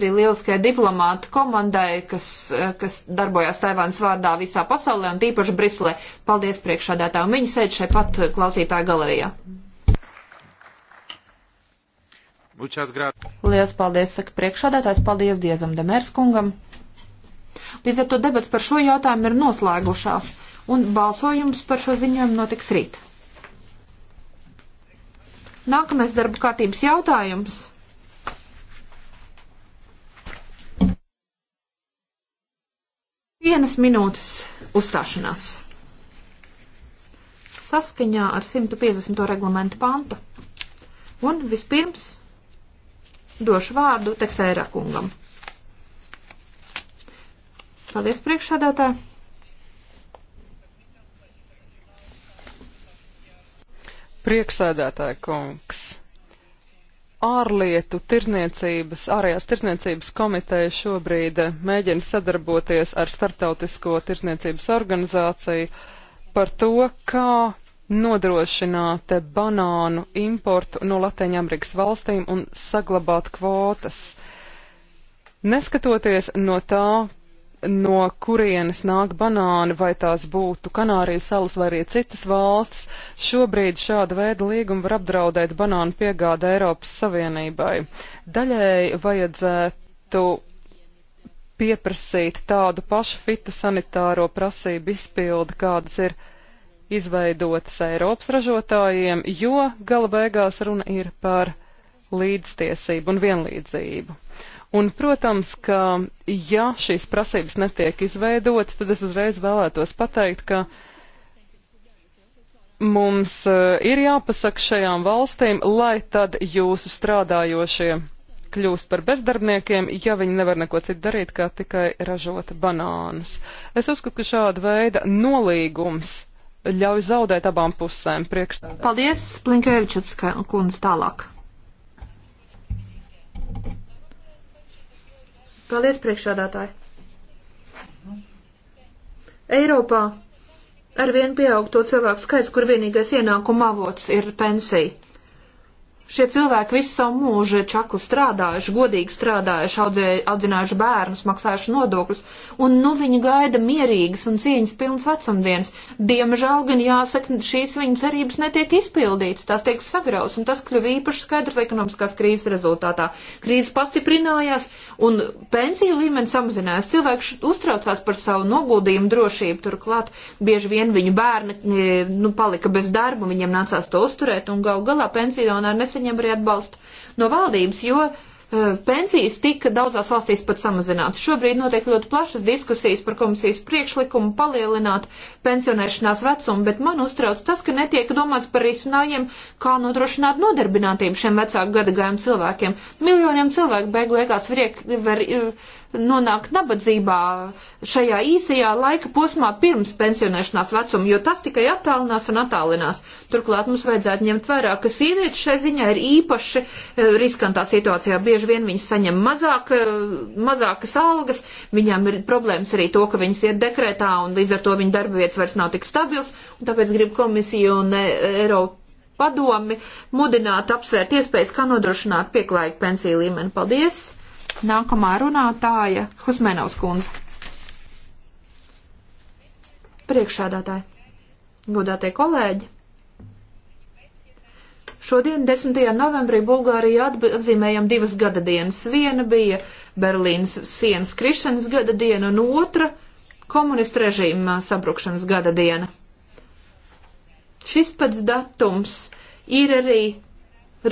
arī lieliskai diplomāta komandai, kas, eh, kas darbojās Taivānas vārdā visā pasaulē un tīpaši Briselē. Paldies priekšādētā, un viņi sēž šeit pat klausītāja galerijā. Lielas paldies, saka priekšādētājs, paldies Diezam Demērskungam. Līdz ar to debats par šo jautājumu ir noslēgušās, un balsojums par šo ziņojumu notiks rīt. Nākamais darba kārtības jautājums. Vienas minūtes uzstāšanās. Saskaņā ar 150. reglamentu pantu. Un vispirms došu vārdu Teksērā kungam. Paldies priekšsādātā. Prieksēdētāja kungs, ārlietu tirzniecības, ārējās tirzniecības komiteja šobrīd mēģina sadarboties ar Startautisko tirzniecības organizāciju par to, kā nodrošināt banānu importu no Latvijas-Amerikas valstīm un saglabāt kvotas. Neskatoties no tā, no kurienes nāk banāni, vai tās būtu Kanārijas salas vai arī citas valstis, šobrīd šāda veida līguma var apdraudēt banānu piegādi Eiropas Savienībai. Daļēji vajadzētu pieprasīt tādu pašu fitosanitāro prasību izpildi, kādas ir izveidotas Eiropas ražotājiem, jo gala beigās runa ir par līdztiesību un vienlīdzību. Un, protams, ka ja šīs prasības netiek izveidotas, tad es uzreiz vēlētos pateikt, ka mums eh, ir jāpasaka šajām valstīm, lai tad jūsu strādājošie kļūst par bezdarbniekiem, ja viņi nevar neko citu darīt, kā tikai ražot banānus. Es uzskatu, ka šāda veida nolīgums ļauj zaudēt abām pusēm priekšstādā. Paldies, Plinkēvičs kundze tālāk. Paldies, priekšādātāji! Eiropā arvien pieaug to cilvēku skaits, kur vienīgais ienākuma avots ir pensija. Šie cilvēki visu savu mūžu ir čakli strādājuši, godīgi strādājuši, audzinājuši bērnus, maksājuši nodokļus, un nu viņi gaida mierīgas un cieņas pilnas vecumdienas. Diemžēl gan jāsaka, šīs viņu cerības netiek izpildītas, tās tiek sagraus, un tas kļuva īpaši skaidrs ekonomiskās krīzes rezultātā. Krīze pastiprinājās, un pensiju līmenis samazinājās. Cilvēki uztraucās par savu noguldījumu drošību, turklāt bieži vien viņu bērni e, nu, palika bez darba, viņiem nācās to uzturēt, un gal galā pensionāri nesaņēma saņem arī atbalstu no valdības, jo Eh, pensijas tika daudzās valstīs pat samazinātas. Šobrīd notiek ļoti plašas diskusijas par komisijas priekšlikumu palielināt pensionēšanās vecumu, bet man uztrauc tas, ka netiek domāts par risinājumiem, kā nodrošināt nodarbinātību šiem vecāku gadagājumu cilvēkiem. Miljoniem cilvēku beigu liekas vriek, var eh, nonākt nabadzībā šajā īsajā laika posmā pirms pensionēšanās vecuma, jo tas tikai attālinās un attālinās. Turklāt mums vajadzētu ņemt vērā, ka sievietes šai ziņā ir īpaši eh, riskantā situācijā. Bieži bieži vien viņas saņem mazāk, eh, mazākas algas, viņām ir problēmas arī to, ka viņas iet dekrētā un līdz ar to viņa darba vietas vairs nav tik stabils, un tāpēc grib komisiju un eh, Eiropu padomi mudināt apsvērt iespējas, kā nodrošināt pieklājīgu pensiju līmeni. Paldies! Nākamā runātāja Husmenovs kundze. Priekšādātāji, godātie kolēģi! Šodien, 10. novembrī, Bulgārijā atzīmējam divas gada dienas. Viena bija Berlīnas sienas krišanas gada diena, un otra - komunistu režīma sabrukšanas gada diena. Šis pats datums ir arī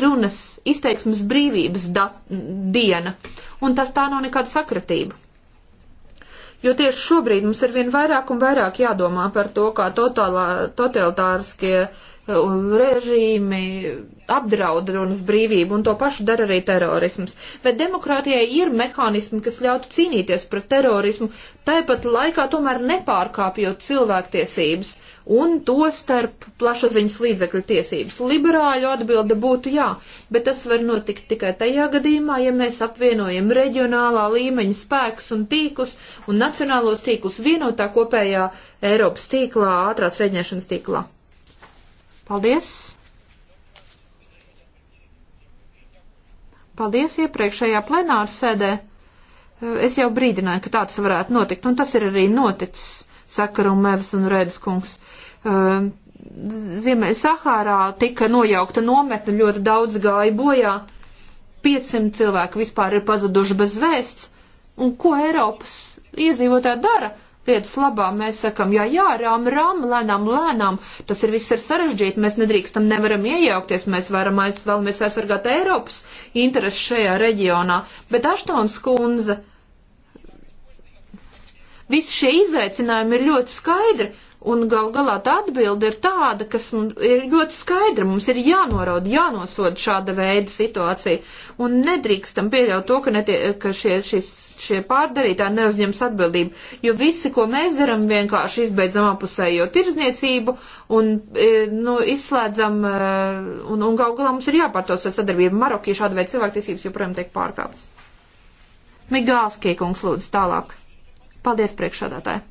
runas izteiksmes brīvības diena, un tas tā nav nekāda sakratība. Jo tieši šobrīd mums ir vien vairāk un vairāk jādomā par to, kā totālā, totalitārskie e, režīmi apdraud runas brīvību, un to pašu dara arī terorisms. Bet demokrātijai ir mehānismi, kas ļautu cīnīties pret terorismu, tāpat laikā tomēr nepārkāpjot cilvēktiesības un to starp plašaziņas līdzekļu tiesības. Liberāļu atbilde būtu jā, bet tas var notikt tikai tajā gadījumā, ja mēs apvienojam reģionālā līmeņa spēkus un tīklus un nacionālos tīklus vienotā kopējā Eiropas tīklā, ātrās reģēšanas tīklā. Paldies! Paldies iepriekšējā plenāra sēdē. Es jau brīdināju, ka tāds varētu notikt, un tas ir arī noticis, saka Rumēvs un Rēdas kungs uh, Ziemē Sahārā tika nojaukta nometne, ļoti daudz gāja bojā, 500 cilvēku vispār ir pazuduši bez vēsts, un ko Eiropas iedzīvotāji dara? Lietas labā mēs sakam, jā, jā, rām, rām, lēnām, lēnām, tas ir viss ir sarežģīti, mēs nedrīkstam, nevaram iejaukties, mēs varam aiz, vēlamies aizsargāt Eiropas interesu šajā reģionā, bet Aštons kundze, visi šie izaicinājumi ir ļoti skaidri Un gal galā tā atbilde ir tāda, kas ir ļoti skaidra. Mums ir jānorauda, jānosod šāda veida situācija. Un nedrīkstam pieļaut to, ka, netie, ka šie, šis, šie pārdarītāji neuzņems atbildību. Jo visi, ko mēs darām, vienkārši izbeidzam apusējo tirzniecību un e, nu, izslēdzam, e, un, un gal galā mums ir jāpārtos ar sadarbību. Marokī šāda veida cilvēktiesības joprojām tiek pārkāptas. Migālskie kungs lūdzu tālāk. Paldies priekšādātāji!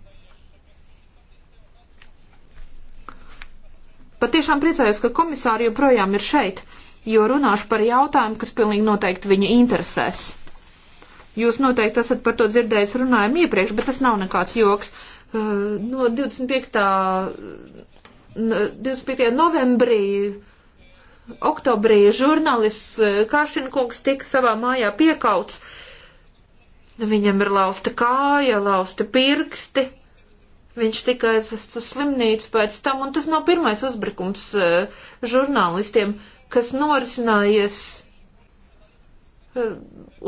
Patiešām priecājos, ka komisāri joprojām ir šeit, jo runāšu par jautājumu, kas pilnīgi noteikti viņu interesēs. Jūs noteikti esat par to dzirdējis runājumu iepriekš, bet tas nav nekāds joks. Uh, no 25. 25. novembrī oktobrī žurnālists uh, Kāršinkungs tika savā mājā piekauts. Viņam ir lausta kāja, lausta pirksti, Viņš tika aizvests uz slimnīcu pēc tam, un tas nav pirmais uzbrukums uh, žurnālistiem, kas norisinājies uh,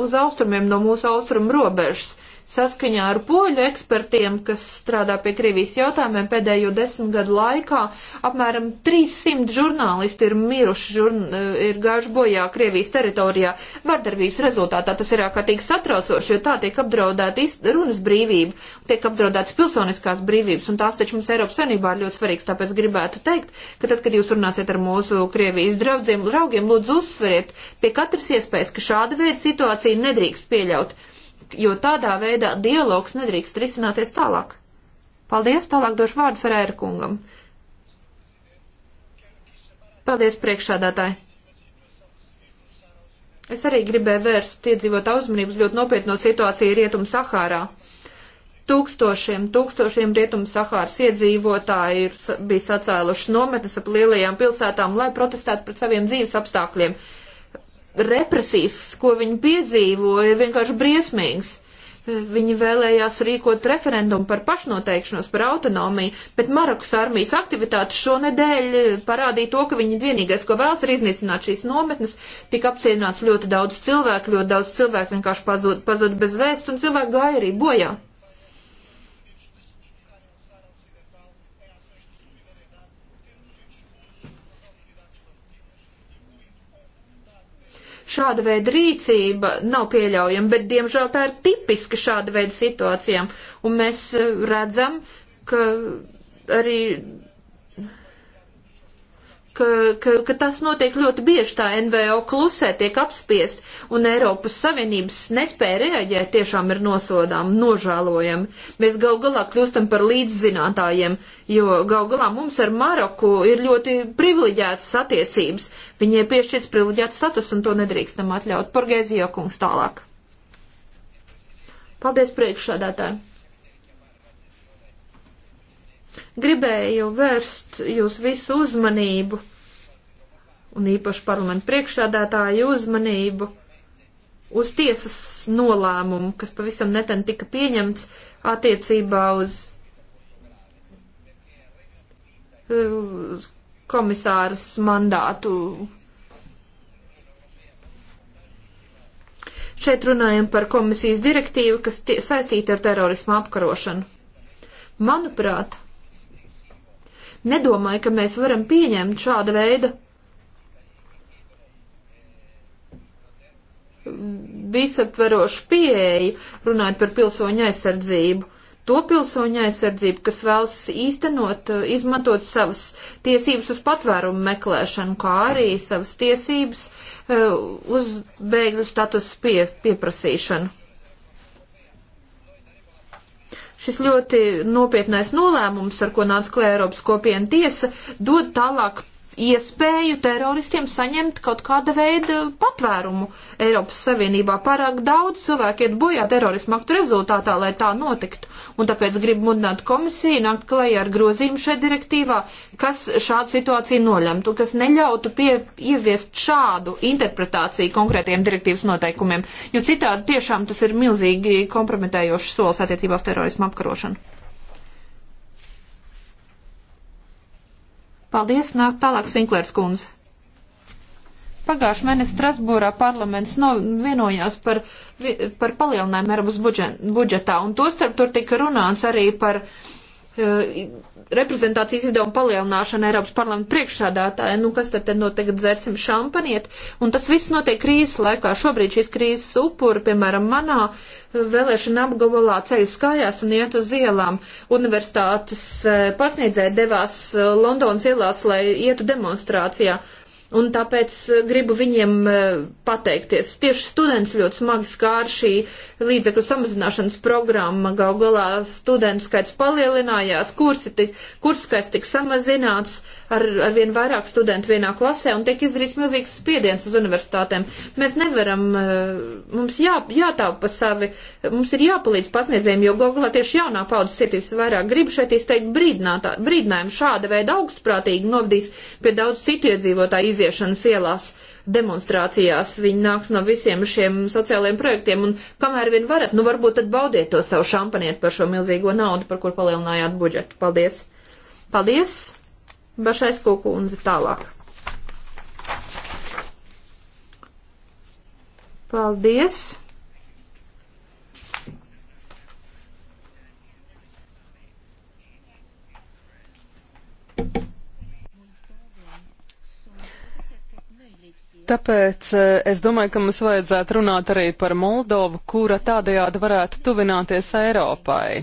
uz austrumiem no mūsu austrumu robežas. Saskaņā ar poļu ekspertiem, kas strādā pie Krievijas jautājumiem pēdējo desmit gadu laikā, apmēram 300 žurnālisti ir miruši, žurn eh, ir gājuši bojā Krievijas teritorijā vardarbības rezultātā. Tas ir ārkārtīgi satraucoši, jo tā tiek apdraudēta runas brīvība, tiek apdraudētas pilsoniskās brīvības, un tās taču mums Eiropas Savienībā ir ļoti svarīgs. Tāpēc gribētu teikt, ka tad, kad jūs runāsiet ar mūsu Krievijas draugiem, lūdzu uzsveriet pie katras iespējas, ka šāda veida situācija nedrīkst pieļaut jo tādā veidā dialogs nedrīkst risināties tālāk. Paldies, tālāk došu vārdu Ferēra kungam. Paldies, priekšādātāji. Es arī gribēju vērst iedzīvotā uzmanības ļoti nopietno situāciju Rietum Sahārā tūkstošiem, tūkstošiem Rietum-Sahāras iedzīvotāji ir, bija sacēluši nometnes ap lielajām pilsētām, lai protestētu pret saviem dzīves apstākļiem represijas, ko viņi piedzīvo, ir vienkārši briesmīgs. Viņi vēlējās rīkot referendumu par pašnoteikšanos, par autonomiju, bet Marokas armijas aktivitātes šonedēļ parādīja to, ka viņi vienīgais, ko vēlas, ir iznīcināt šīs nometnes. Tika apcienāts ļoti daudz cilvēku, ļoti daudz cilvēku vienkārši pazud, pazud bez vēsts, un cilvēki gāja arī bojā. Šāda veida rīcība nav pieļaujama, bet diemžēl tā ir tipiska šāda veida situācijām. Un mēs eh, redzam, ka arī ka, ka, ka tas notiek ļoti bieži, tā NVO klusē tiek apspiest, un Eiropas Savienības nespēja reaģēt tiešām ir nosodām, nožēlojami. Mēs gal galā kļūstam par līdzzinātājiem, jo gal galā mums ar Maroku ir ļoti privileģētas attiecības, viņai piešķirts privileģēts status, un to nedrīkstam atļaut. Par Gezijokungs tālāk. Paldies priekšsādātāji! Gribēju vērst jūs visu uzmanību, un īpaši parlamentu priekšsādātāju uzmanību, uz tiesas nolēmumu, kas pavisam neten tika pieņemts attiecībā uz komisāras mandātu. Šeit runājam par komisijas direktīvu, kas saistīta ar terorismu apkarošanu. Manuprāt, Nedomāju, ka mēs varam pieņemt šāda veida visaptverošu pieeju, runājot par pilsoņu aizsardzību. To pilsoņu aizsardzību, kas vēlas īstenot, izmantot savas tiesības uz patvērumu meklēšanu, kā arī savas tiesības eh, uz bēgļu statusu pie, pieprasīšanu. Šis ļoti nopietnais nolēmums, ar ko nāca klē Eiropas kopiena tiesa, dod tālāk iespēju teroristiem saņemt kaut kāda veida patvērumu Eiropas Savienībā. Pārāk daudz cilvēku iet bojā terorismu aktu rezultātā, lai tā notiktu. Un tāpēc gribu mudināt komisiju nākt klajā ar grozījumu šai direktīvā, kas šādu situāciju nolemtu, kas neļautu pie, ieviest šādu interpretāciju konkrētiem direktīvas noteikumiem, jo citādi tiešām tas ir milzīgi kompromitējošs solis attiecībā uz terorismu apkarošanu. Paldies, nāk tālāk Sinklērs kundze. Pagājušajā mēnesī Strasbūrā parlaments no, vienojās par, par palielinājumu Eiropas budžetā, un tostarp tur tika runāts arī par uh, Eh, reprezentācijas izdevuma palielināšana Eiropas parlamenta priekšsādātāja, nu kas tad, tad notiek, dzersim šampaniet, un tas viss notiek krīzes laikā. Šobrīd šīs krīzes upuri, piemēram, manā eh, vēlēšana apgabalā ceļas kājās un iet uz ielām. Universitātes eh, pasniedzēji devās Londonas ielās, lai ietu demonstrācijā. Un tāpēc eh, gribu viņiem eh, pateikties. Tieši students ļoti smagi skār šī līdzekļu samazināšanas programma. Gal galā studentu skaits palielinājās, kursi tik, kurs skaits tik samazināts. Uh, ar, ar vien vairāk studentu vienā klasē un tiek izdarīts milzīgs spiediens uz universitātēm. Mēs nevaram, eh, mums jā, jātaupa savi, mums ir jāpalīdz pasniedzējiem, jo Google tieši jaunā paudas cietīs vairāk. Gribu šeit izteikt brīdinājumu. Šāda veida augstprātīgi novadīs pie daudz citu iedzīvotāju iziešanas ielās demonstrācijās, viņi nāks no visiem šiem sociālajiem projektiem, un kamēr vien varat, nu varbūt tad baudiet to savu šampaniet par šo milzīgo naudu, par kur palielinājāt budžetu. Paldies! Paldies! Bašaisko kundze tālāk. Paldies! Tāpēc eh, es domāju, ka mums vajadzētu runāt arī par Moldovu, kura tādējādi varētu tuvināties Eiropai.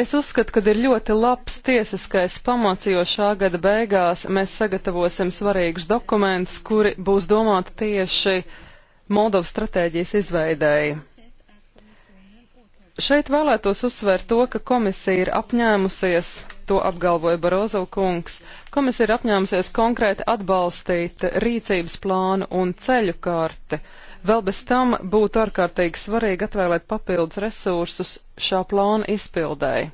Es uzskatu, ka ir ļoti labs tiesiskais pamats, jo šā gada beigās mēs sagatavosim svarīgus dokumentus, kuri būs domāti tieši Moldovas stratēģijas izveidēji. Šeit vēlētos uzsvērt to, ka komisija ir apņēmusies, to apgalvoja Barozo kungs, komisija ir apņēmusies konkrēti atbalstīt rīcības plānu un ceļu karti. Uh, Vēl bez tam būtu ārkārtīgi svarīgi atvēlēt papildus resursus šā plāna izpildēji.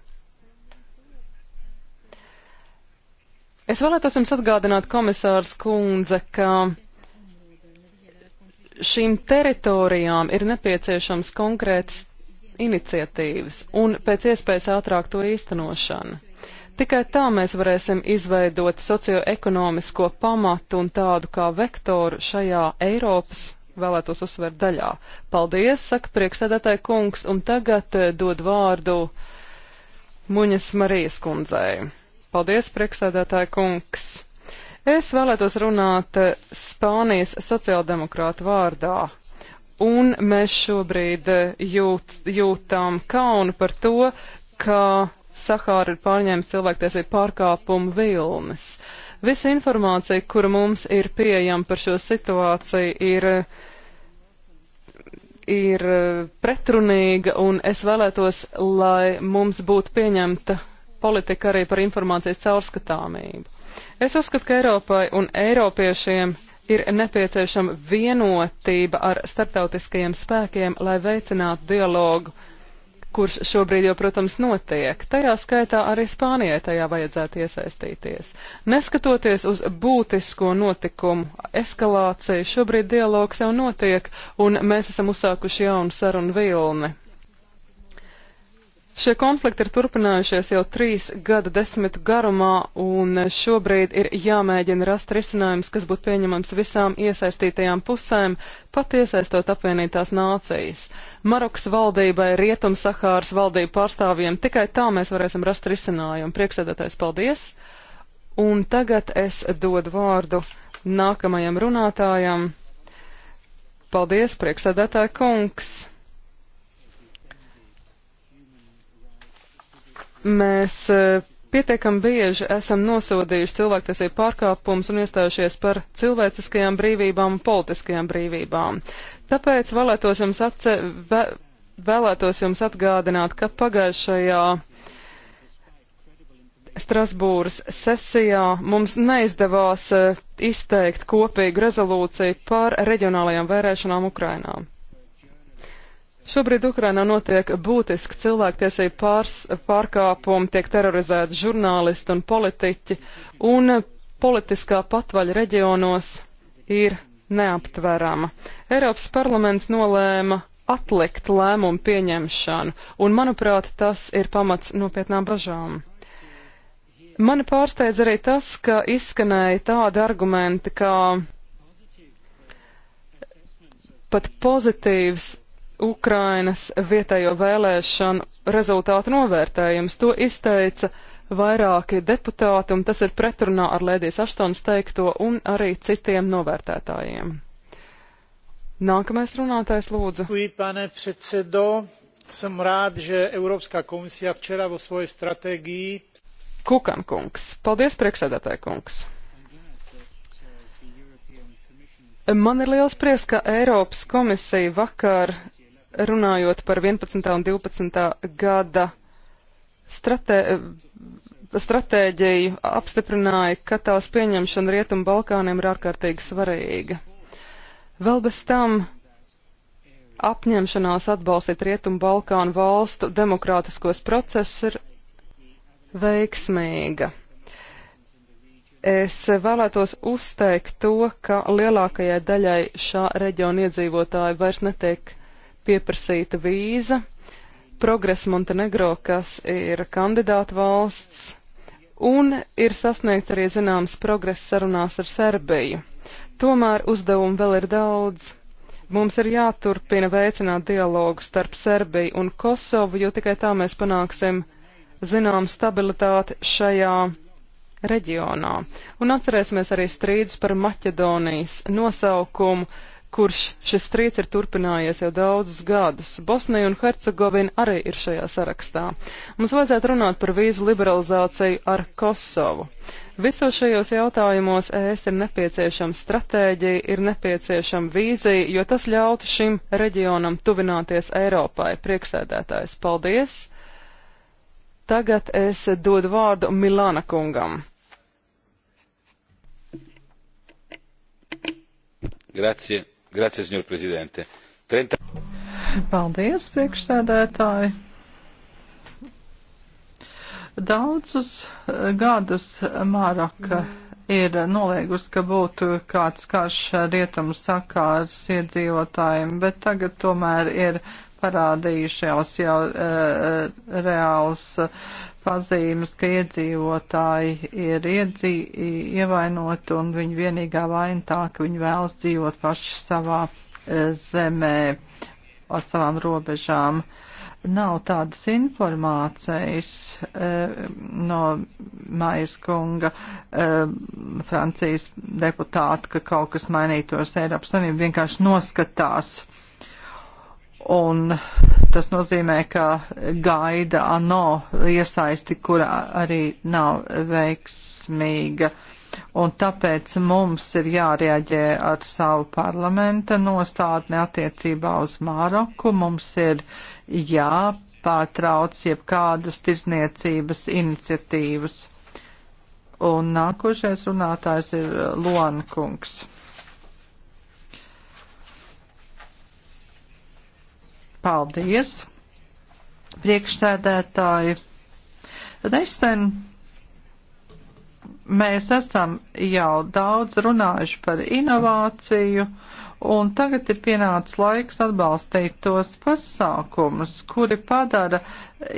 Es vēlētos jums atgādināt, komisārs kundze, ka šīm teritorijām ir nepieciešams konkrēts iniciatīvas un pēc iespējas ātrāk to īstenošana. Tikai tā mēs varēsim izveidot socioekonomisko pamatu un tādu kā vektoru šajā Eiropas vēlētos uzsvērt daļā. Paldies, saka priekšsēdētāji kungs, un tagad eh, dod vārdu Muņas Marijas kundzei. Paldies, priekšsēdētāji kungs. Es vēlētos runāt eh, Spānijas sociāldemokrātu vārdā, un mēs šobrīd eh, jūt, jūtām kaunu par to, ka Sahāra ir pārņēmis cilvēktiesību pārkāpumu vilnis. Uh, Visa informācija, kura mums ir pieejama par šo situāciju, ir, ir pretrunīga, un es vēlētos, lai mums būtu pieņemta politika arī par informācijas caurskatāmību. Es uzskatu, ka Eiropai un Eiropiešiem ir nepieciešama vienotība ar starptautiskajiem spēkiem, lai veicinātu dialogu kurš šobrīd jau, protams, notiek. Tajā skaitā arī Spānijai tajā vajadzētu iesaistīties. Neskatoties uz būtisko notikumu eskalāciju, šobrīd dialogs jau notiek, un mēs esam uzsākuši jaunu sarunu vilni Šie konflikti ir turpinājušies jau trīs gadu desmitu garumā, un šobrīd ir jāmēģina rast risinājums, kas būtu pieņemams visām iesaistītajām pusēm, pat iesaistot apvienītās nācijas. Marokas valdībai, Rietum-Sahāras valdību pārstāvjiem tikai tā mēs varēsim rast risinājumu. Priekšsēdētājs, paldies! Un tagad es dodu vārdu nākamajam runātājam. Paldies, priekšsēdētāja kungs! Mēs eh, pietiekam bieži esam nosodījuši cilvēktiesību pārkāpumus un iestājušies par cilvēciskajām brīvībām un politiskajām brīvībām. Tāpēc vēlētos jums, atce, vē, vēlētos jums atgādināt, ka pagājušajā Strasbūras sesijā mums neizdevās eh, izteikt kopīgu rezolūciju par reģionālajām vērēšanām Ukrainā. Šobrīd Ukrainā notiek būtiski cilvēktiesību pārs, pārkāpumi, tiek terorizēti žurnālisti un politiķi, un politiskā patvaļa reģionos ir neaptverama. Eiropas parlaments nolēma atlikt lēmumu pieņemšanu, un, manuprāt, tas ir pamats nopietnām bažām. Mani pārsteidz arī tas, ka izskanēja tādi argumenti, kā pat pozitīvs Ukrainas vietējo vēlēšanu rezultātu novērtējums. To izteica vairāki deputāti, un tas ir pretrunā ar Lēdijas Aštons teikto un arī citiem novērtētājiem. Nākamais runātājs lūdzu. Som rád, že Európska komisia včera vo svojej stratégii. Kukan kungs. Paldies, priekšsēdētāj kungs. Man ir liels prieks, ka Eiropas komisija vakar runājot par 11. un 12. gada stratē, stratēģiju, apstiprināja, ka tās pieņemšana Rietumu Balkāniem ir ārkārtīgi svarīga. Vēl bez tam apņemšanās atbalstīt Rietumu Balkānu valstu demokrātiskos procesus ir veiksmīga. Es vēlētos uzteikt to, ka lielākajai daļai šā reģiona iedzīvotāji vairs netiek pieprasīta vīza. Progress Montenegro, kas ir kandidāta valsts, un ir sasniegt arī zināms progress sarunās ar Serbiju. Tomēr uzdevumu vēl ir daudz. Mums ir jāturpina veicināt dialogu starp Serbiju un Kosovu, jo tikai tā mēs panāksim zinām stabilitāti šajā reģionā. Un atcerēsimies arī strīdus par Maķedonijas nosaukumu kurš šis strīds ir turpinājies jau daudzus gadus. Bosnija un Hercegovina arī ir šajā sarakstā. Mums vajadzētu runāt par vīzu liberalizāciju ar Kosovu. Visos šajos jautājumos ES ir nepieciešama stratēģija, ir nepieciešama vīzija, jo tas ļautu šim reģionam tuvināties Eiropai. Prieksēdētājs, paldies! Tagad es dodu vārdu Milāna kungam. Grazie. Grazie, signor prezidente. 30... Paldies, priekšsēdētāji. Daudzus eh, gadus Maraka ir noliegusi, ka būtu kāds karš rietumu sakārs iedzīvotājiem, bet tagad tomēr ir parādījušās jau uh, reāls eh, pazīmes, ka iedzīvotāji ir iedzī, ievainoti un viņa vienīgā vaina tā, ka viņi vēlas dzīvot paši savā uh, zemē ar savām robežām. Nav tādas informācijas uh, no Mājas kunga, uh, Francijas deputāta, ka kaut kas mainītos Eiropas Savienība vienkārši noskatās uh, Un tas nozīmē, ka gaida ANO iesaisti, kura arī nav veiksmīga. Un tāpēc mums ir jārēģē ar savu parlamenta nostādni attiecībā uz Māroku. Mums ir jāpārtrauc jebkādas tirzniecības iniciatīvas. Un nākošais runātājs ir Luankungs. kungs. Paldies, priekšsēdētāji. Nesen mēs esam jau daudz runājuši par inovāciju, un tagad ir pienācis laiks atbalstīt tos pasākumus, kuri padara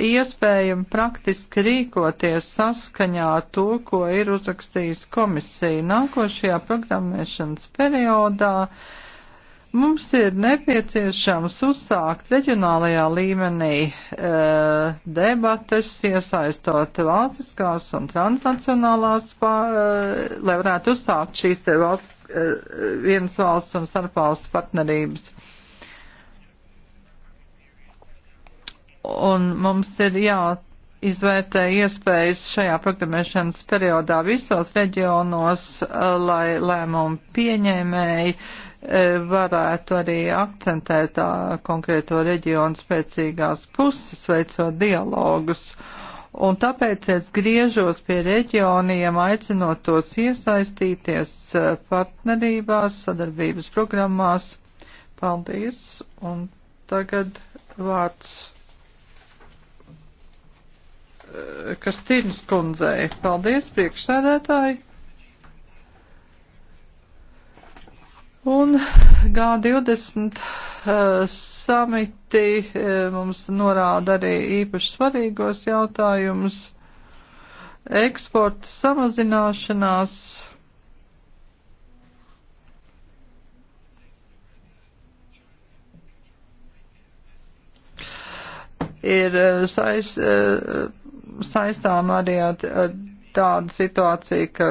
iespējami praktiski rīkoties saskaņā to, ko ir uzrakstījusi komisija nākošajā programmēšanas periodā. Uh, Mums ir nepieciešams uzsākt reģionālajā līmenī e, debates, iesaistot valstiskās un transnacionālās, pā, e, lai varētu uzsākt šīs te valsts, e, vienas valsts un starpvalstu partnerības. Un mums ir jā jāizvērtē iespējas šajā programmēšanas periodā visos reģionos, eh, lai lēmumu pieņēmēji eh, varētu arī akcentēt konkrēto reģionu spēcīgās puses, veicot dialogus. Un tāpēc es griežos pie reģioniem, aicinot tos iesaistīties partnerībās, sadarbības programmās. Paldies! Un tagad vārds Kastīnas kundzei. Paldies, priekšsēdētāji! Un G20 uh, samiti uh, mums norāda arī īpaši svarīgos jautājumus. Eksporta samazināšanās. Ir uh, sais, uh, saistām arī ar tādu situāciju, ka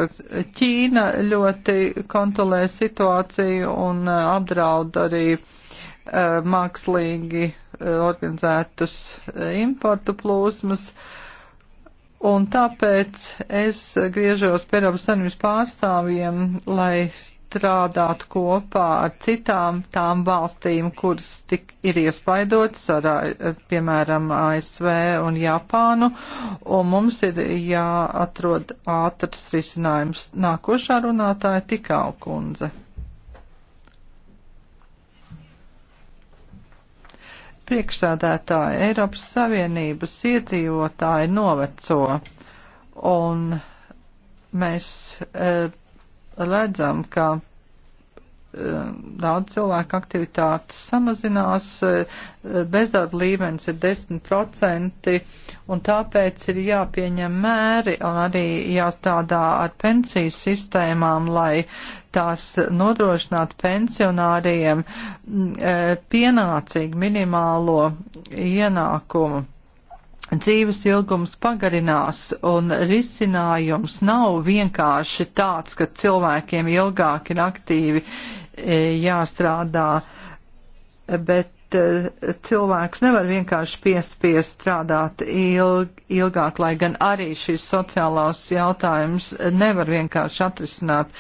Ķīna ļoti kontrolē situāciju un uh, apdraud arī uh, mākslīgi uh, organizētus importu plūsmas. Un tāpēc es griežos pie Eiropas Savienības pārstāvjiem, lai strādāt kopā ar citām tām valstīm, kuras tik ir iespaidotas ar, piemēram, ASV un Japānu, un mums ir jāatrod ātrs risinājums. Nākošā runātāja tikā kundze. Priekšsēdētāji Eiropas Savienības iedzīvotāji noveco, un mēs e, redzam, ka eh, daudz cilvēku aktivitātes samazinās, eh, bezdarba līmenis ir 10%, un tāpēc ir jāpieņem mēri un arī jāstrādā ar pensiju sistēmām, lai tās nodrošinātu pensionāriem mm, eh, pienācīgu minimālo ienākumu dzīves ilgums pagarinās un risinājums nav vienkārši tāds, ka cilvēkiem ilgāk ir aktīvi e, jāstrādā, bet bet eh, cilvēks nevar vienkārši piespiest strādāt ilg, ilgāk, lai gan arī šis sociālās jautājums nevar vienkārši atrisināt.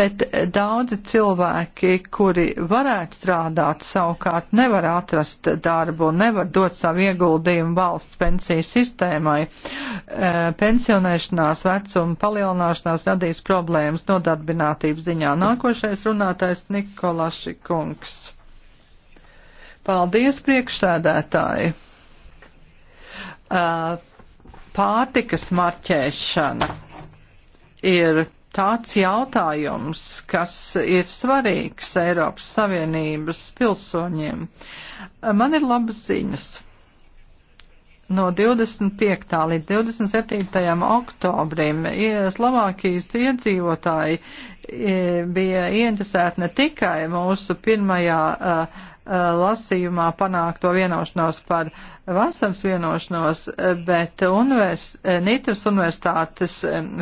Bet eh, daudzi cilvēki, kuri varētu strādāt, savukārt nevar atrast darbu, nevar dot savu ieguldījumu valsts pensiju sistēmai. Eh, pensionēšanās vecuma palielināšanās radīs problēmas nodarbinātības ziņā. Nākošais runātais Nikolaši Kungs. Paldies, priekšsēdētāji! Pārtikas marķēšana ir tāds jautājums, kas ir svarīgs Eiropas Savienības pilsoņiem. Man ir labas ziņas. No 25. līdz 27. oktobrim Slovākijas iedzīvotāji E, bija interesēti ne tikai mūsu pirmajā uh, lasījumā panākto vienošanos par vasaras vienošanos, bet univers, Nitras universitātes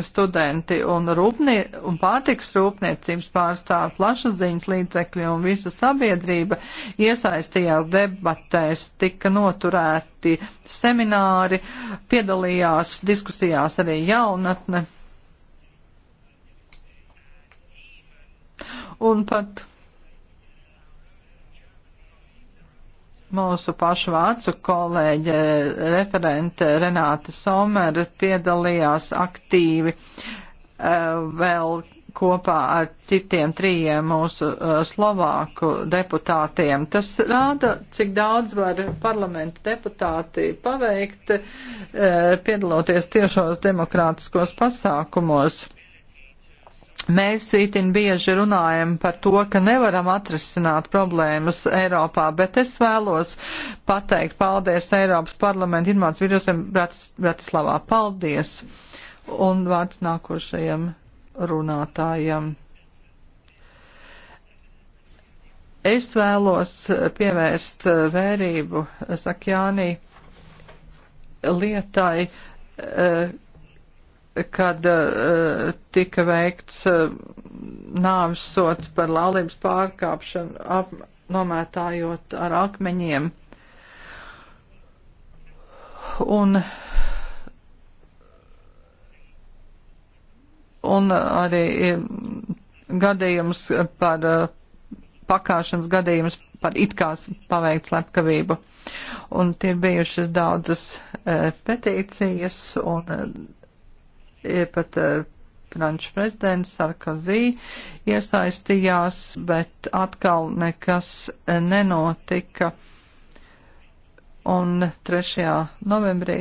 studenti un, rūpnie, un pārtiks rūpniecības pārstāv plašsaziņas līdzekļi un visa sabiedrība iesaistījās debatēs, tika noturēti semināri, piedalījās diskusijās arī jaunatne. un pat mūsu pašu vācu kolēģe referente Renāte Somera piedalījās aktīvi eh, vēl kopā ar citiem trījiem mūsu eh, slovāku deputātiem. Tas rāda, cik daudz var parlamenta deputāti paveikt, eh, piedaloties tiešos demokrātiskos pasākumos. Mēs itin bieži runājam par to, ka nevaram atrisināt problēmas Eiropā, bet es vēlos pateikt paldies Eiropas parlamenta informācijas virusiem Bratis, Bratislavā. Paldies! Un vārds nākošajam runātājam. Es vēlos pievērst vērību Sakjānī lietai, eh, kad uh, tika veikts uh, eh, nāvis sots par laulības pārkāpšanu, ap, nomētājot ar akmeņiem. Un, un arī eh, gadījums par uh, pakāšanas gadījums par it kā paveikt slepkavību. Un ir bijušas daudzas uh, petīcijas un uh, E, pat e, Franču prezidents Sarkozy iesaistījās, bet atkal nekas e, nenotika. Un 3. novembrī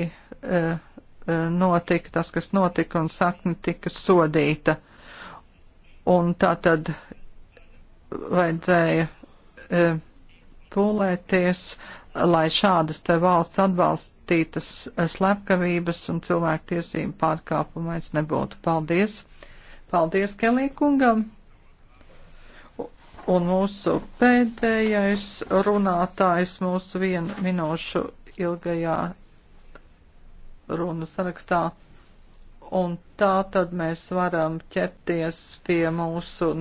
notika tas, kas notika, un sakni tika sodīta. Un tā tad vajadzēja pūlēties, lai šādas te valsts atbalsta saistītas slepkavības un cilvēktiesību pārkāpuma vairs nebūtu. Paldies! Paldies Kelī kungam! Un mūsu pēdējais runātājs mūsu vienu minūšu ilgajā runu sarakstā. Un tā tad mēs varam ķerties pie mūsu.